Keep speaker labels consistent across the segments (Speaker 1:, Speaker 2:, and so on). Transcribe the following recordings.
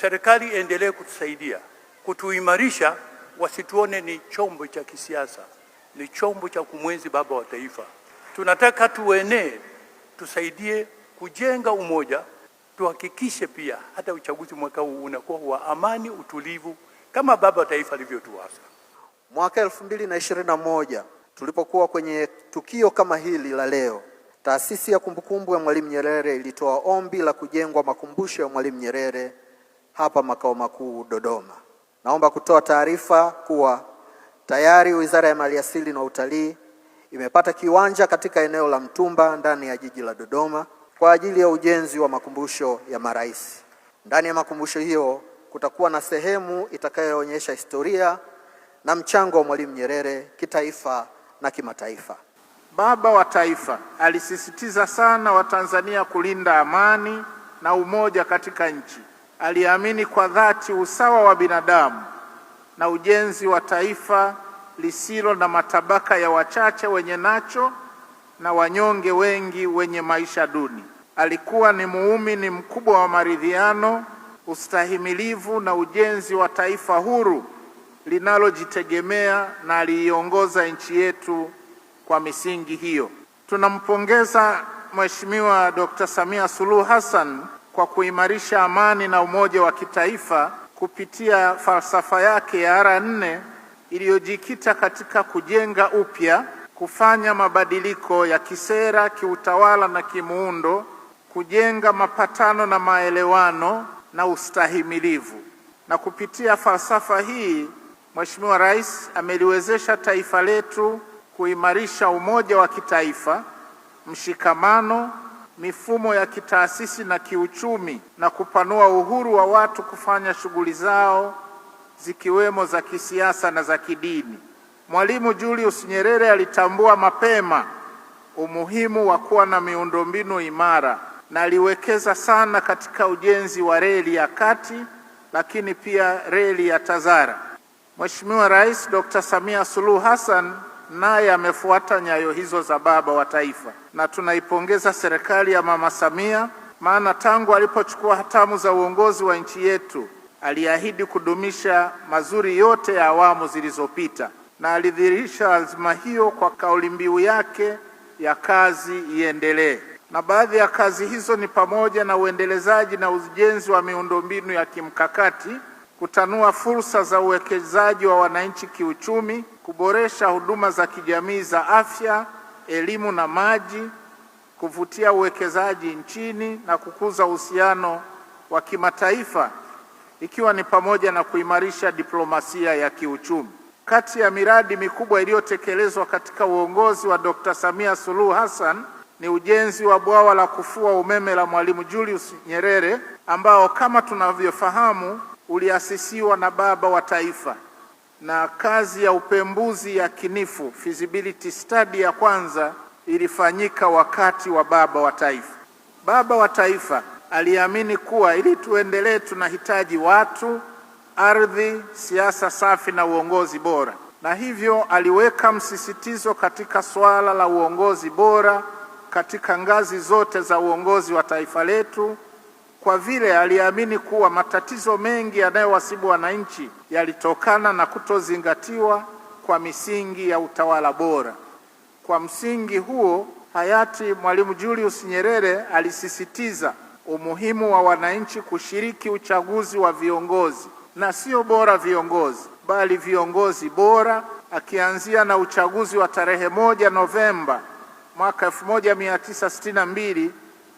Speaker 1: serikali endelee kutusaidia kutuimarisha, wasituone ni chombo cha kisiasa, ni chombo cha kumwenzi baba wa taifa. Tunataka tuenee, tusaidie kujenga umoja, tuhakikishe pia hata uchaguzi mwaka huu unakuwa wa amani, utulivu kama baba wa taifa alivyotuasa
Speaker 2: mwaka elfu mbili na ishirini na moja tulipokuwa kwenye tukio kama hili la leo. Taasisi ya kumbukumbu ya Mwalimu Nyerere ilitoa ombi la kujengwa makumbusho ya Mwalimu Nyerere hapa makao makuu Dodoma. Naomba kutoa taarifa kuwa tayari Wizara ya Maliasili na Utalii imepata kiwanja katika eneo la Mtumba ndani ya jiji la Dodoma kwa ajili ya ujenzi wa makumbusho ya marais. Ndani ya makumbusho hiyo kutakuwa na sehemu itakayoonyesha historia na mchango wa Mwalimu Nyerere kitaifa na kimataifa.
Speaker 3: Baba wa Taifa alisisitiza sana Watanzania kulinda amani na umoja katika nchi aliamini kwa dhati usawa wa binadamu na ujenzi wa taifa lisilo na matabaka ya wachache wenye nacho na wanyonge wengi wenye maisha duni. Alikuwa ni muumini mkubwa wa maridhiano, ustahimilivu na ujenzi wa taifa huru linalojitegemea na aliiongoza nchi yetu kwa misingi hiyo. Tunampongeza Mheshimiwa Dr. Samia Suluhu Hassan kwa kuimarisha amani na umoja wa kitaifa kupitia falsafa yake ya ara nne iliyojikita katika kujenga upya, kufanya mabadiliko ya kisera, kiutawala na kimuundo, kujenga mapatano na maelewano na ustahimilivu. Na kupitia falsafa hii Mheshimiwa Rais ameliwezesha taifa letu kuimarisha umoja wa kitaifa, mshikamano mifumo ya kitaasisi na kiuchumi na kupanua uhuru wa watu kufanya shughuli zao zikiwemo za kisiasa na za kidini. Mwalimu Julius Nyerere alitambua mapema umuhimu wa kuwa na miundombinu imara na aliwekeza sana katika ujenzi wa reli ya kati, lakini pia reli ya Tazara. Mheshimiwa Rais Dr. Samia Suluhu Hassan naye amefuata nyayo hizo za baba wa taifa, na tunaipongeza serikali ya Mama Samia, maana tangu alipochukua hatamu za uongozi wa nchi yetu aliahidi kudumisha mazuri yote ya awamu zilizopita, na alidhihirisha azma hiyo kwa kauli mbiu yake ya kazi iendelee. Na baadhi ya kazi hizo ni pamoja na uendelezaji na ujenzi wa miundombinu ya kimkakati kutanua fursa za uwekezaji wa wananchi kiuchumi, kuboresha huduma za kijamii za afya, elimu na maji, kuvutia uwekezaji nchini na kukuza uhusiano wa kimataifa ikiwa ni pamoja na kuimarisha diplomasia ya kiuchumi. Kati ya miradi mikubwa iliyotekelezwa katika uongozi wa Dr. Samia Suluhu Hassan ni ujenzi wa bwawa la kufua umeme la Mwalimu Julius Nyerere ambao kama tunavyofahamu uliasisiwa na baba wa taifa, na kazi ya upembuzi ya kinifu feasibility study ya kwanza ilifanyika wakati wa baba wa taifa. Baba wa taifa aliamini kuwa ili tuendelee tunahitaji watu, ardhi, siasa safi na uongozi bora, na hivyo aliweka msisitizo katika suala la uongozi bora katika ngazi zote za uongozi wa taifa letu kwa vile aliamini kuwa matatizo mengi yanayowasibu wananchi yalitokana na kutozingatiwa kwa misingi ya utawala bora. Kwa msingi huo, hayati Mwalimu Julius Nyerere alisisitiza umuhimu wa wananchi kushiriki uchaguzi wa viongozi, na sio bora viongozi, bali viongozi bora, akianzia na uchaguzi wa tarehe moja Novemba mwaka 1962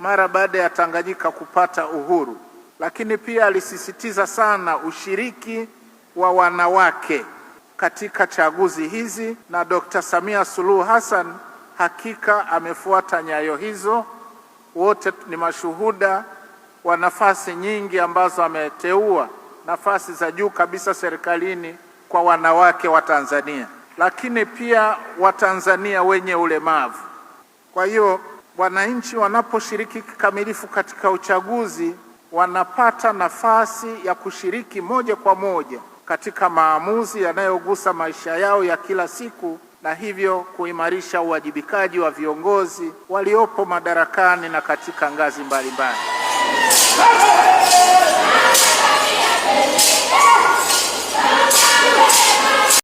Speaker 3: mara baada ya Tanganyika kupata uhuru, lakini pia alisisitiza sana ushiriki wa wanawake katika chaguzi hizi, na Dr. Samia Suluhu Hassan hakika amefuata nyayo hizo. Wote ni mashuhuda wa nafasi nyingi ambazo ameteua nafasi za juu kabisa serikalini kwa wanawake wa Tanzania, lakini pia Watanzania wenye ulemavu. Kwa hiyo wananchi wanaposhiriki kikamilifu katika uchaguzi wanapata nafasi ya kushiriki moja kwa moja katika maamuzi yanayogusa maisha yao ya kila siku na hivyo kuimarisha uwajibikaji wa viongozi waliopo madarakani na katika ngazi mbalimbali.